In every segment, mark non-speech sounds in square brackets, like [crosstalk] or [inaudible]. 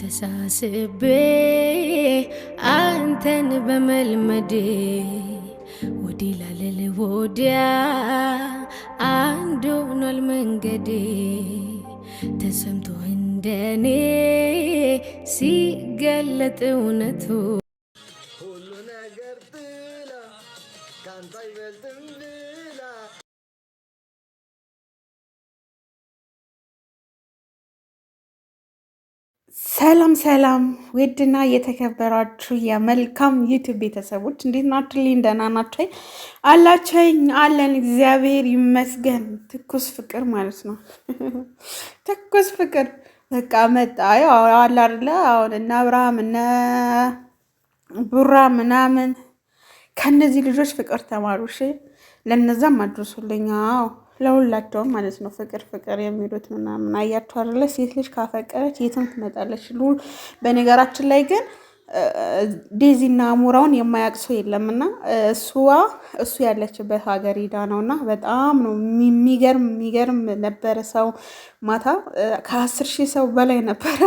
ተሳስቤ አንተን በመልመዴ ወዲ ላለል ወዲያ አንድ ሆኗል መንገዴ ተሰምቶ እንደኔ ሲገለጥ እውነቱ ሁሉ ነገር ጥላ ካንተ አይበልጥም ሰላም ሰላም ውድና የተከበራችሁ የመልካም ዩቱብ ቤተሰቦች እንዴት ናችሁልኝ? ደህና ናችሁ አላችሁኝ? አለን እግዚአብሔር ይመስገን። ትኩስ ፍቅር ማለት ነው። [laughs] ትኩስ ፍቅር በቃ መጣ። ያው አለ አይደለ? አሁን እነ አብርሃም እነ ቡራ ምናምን ከእነዚህ ልጆች ፍቅር ተማሩ። እሺ ለእነዛም አድርሱልኝ። አዎ ለሁላቸውም ማለት ነው ፍቅር ፍቅር የሚሉት ምናምን አያቸው አይደለ? ሴት ልጅ ካፈቀረች የትም ትመጣለች። በነገራችን ላይ ግን ዴዚና አሞራውን የማያውቅ ሰው የለምና እሱዋ እሱ ያለችበት ሀገር ሄዳ ነው እና በጣም ነው የሚገርም የሚገርም ነበረ። ሰው ማታ ከአስር ሺህ ሰው በላይ ነበረ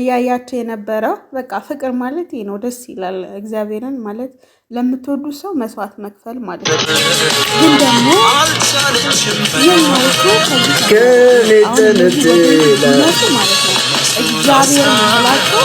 እያያቸው የነበረው በቃ ፍቅር ማለት ይሄ ነው። ደስ ይላል። እግዚአብሔርን ማለት ለምትወዱ ሰው መስዋዕት መክፈል ማለት ነው። ግን ደግሞ ማለት ነው እግዚአብሔር ላቸው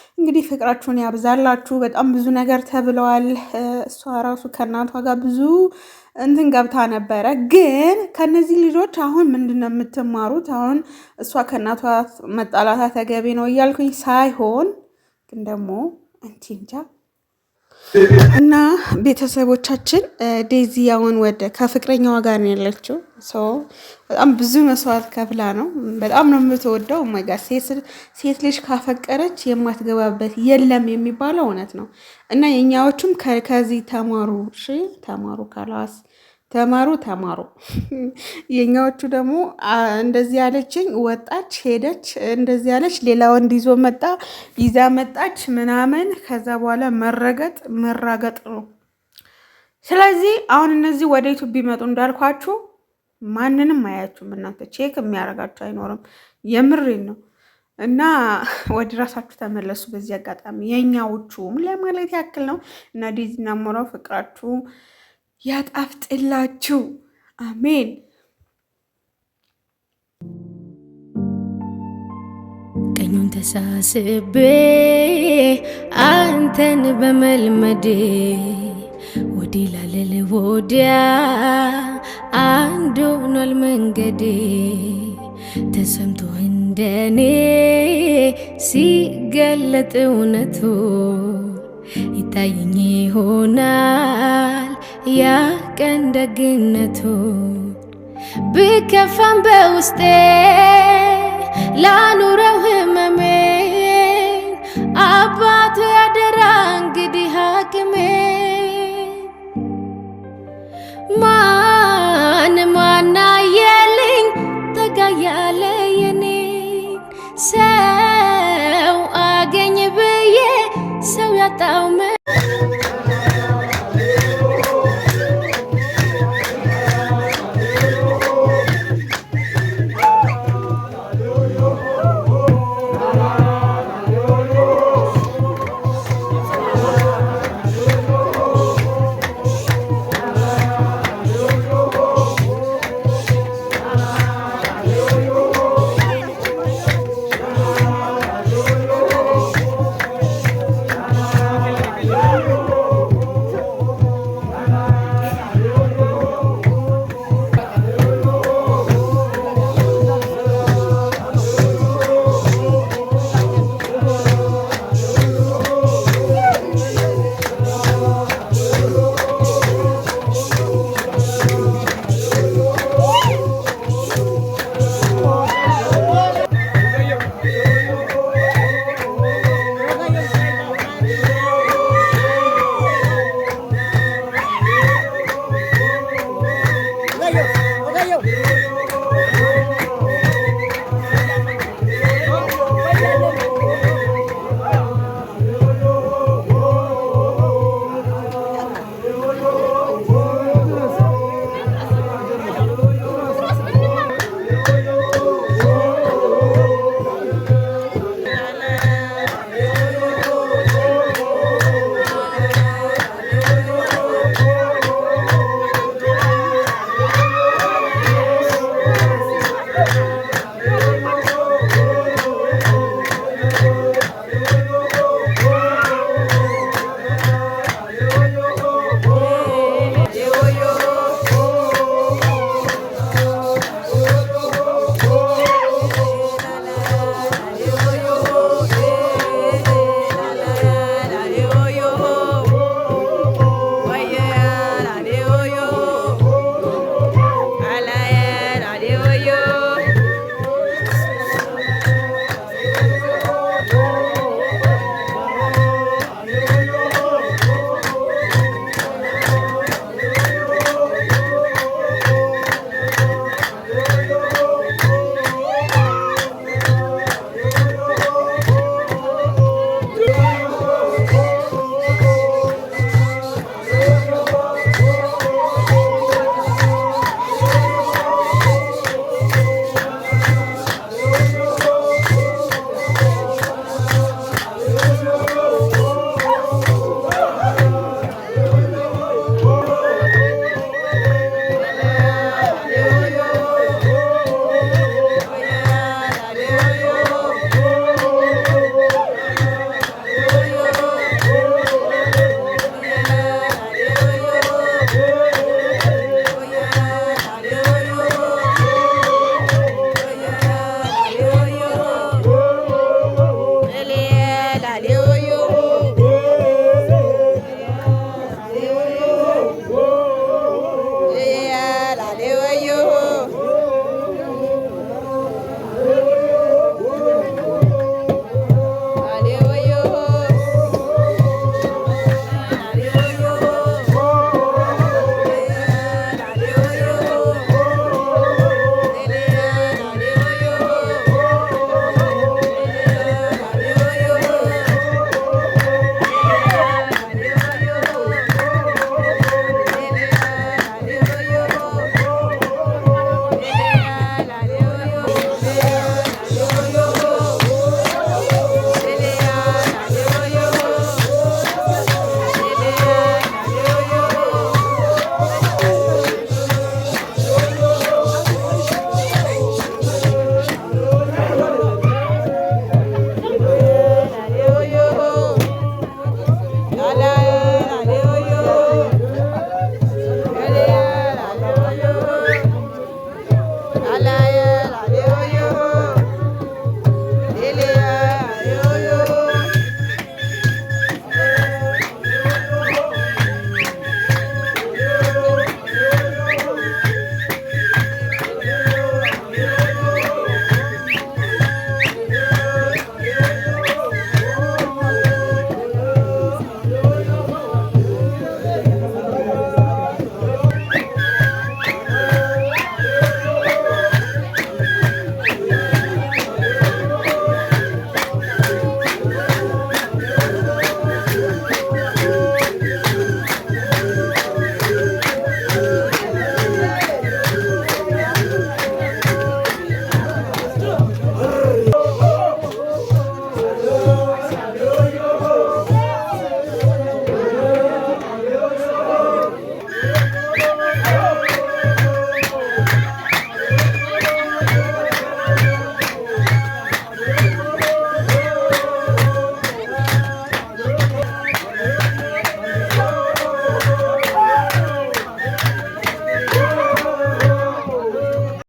እንግዲህ ፍቅራችሁን ያብዛላችሁ። በጣም ብዙ ነገር ተብለዋል። እሷ ራሱ ከእናቷ ጋር ብዙ እንትን ገብታ ነበረ። ግን ከነዚህ ልጆች አሁን ምንድን ነው የምትማሩት? አሁን እሷ ከእናቷ መጣላታ ተገቢ ነው እያልኩኝ ሳይሆን ግን ደግሞ እንጂ እንጃ እና ቤተሰቦቻችን ዴዚ ያውን ወደ ከፍቅረኛዋ ጋር ነው ያለችው። በጣም ብዙ መስዋዕት ከፍላ ነው። በጣም ነው የምትወደው። ማይጋ ሴት ልጅ ካፈቀረች የማትገባበት የለም የሚባለው እውነት ነው። እና የእኛዎቹም ከዚህ ተማሩ፣ ተማሩ ከላስ ተማሩ ተማሩ። የኛዎቹ ደግሞ እንደዚህ ያለችኝ ወጣች ሄደች፣ እንደዚህ ያለች ሌላ ወንድ ይዞ መጣ ይዛ መጣች ምናምን፣ ከዛ በኋላ መረገጥ መራገጥ ነው። ስለዚህ አሁን እነዚህ ወደ ዩቱብ ቢመጡ እንዳልኳችሁ ማንንም አያችሁም እናንተ ቼክ የሚያደርጋችሁ አይኖርም። የምሬን ነው። እና ወደ ራሳችሁ ተመለሱ። በዚህ አጋጣሚ የእኛዎቹም ለማለት ያክል ነው እና ዴዚና ፍቅራችሁ ያጣፍጥላችሁ። አሜን። ቀኙን ተሳስቤ አንተን በመልመዴ ወዲ ላልል ወዲያ አንድ ሆኗል መንገዴ ተሰምቶ እንደኔ ሲገለጥ እውነቱ ይታየኝ ይሆናል ያ ቀን ደግነቱ ብከፋም በውስጤ ላኑረው ህመሜን አባቱ ያደራ እንግዲህ ሐኪሜ ማን ማናየልኝ ተጋያለ የኔ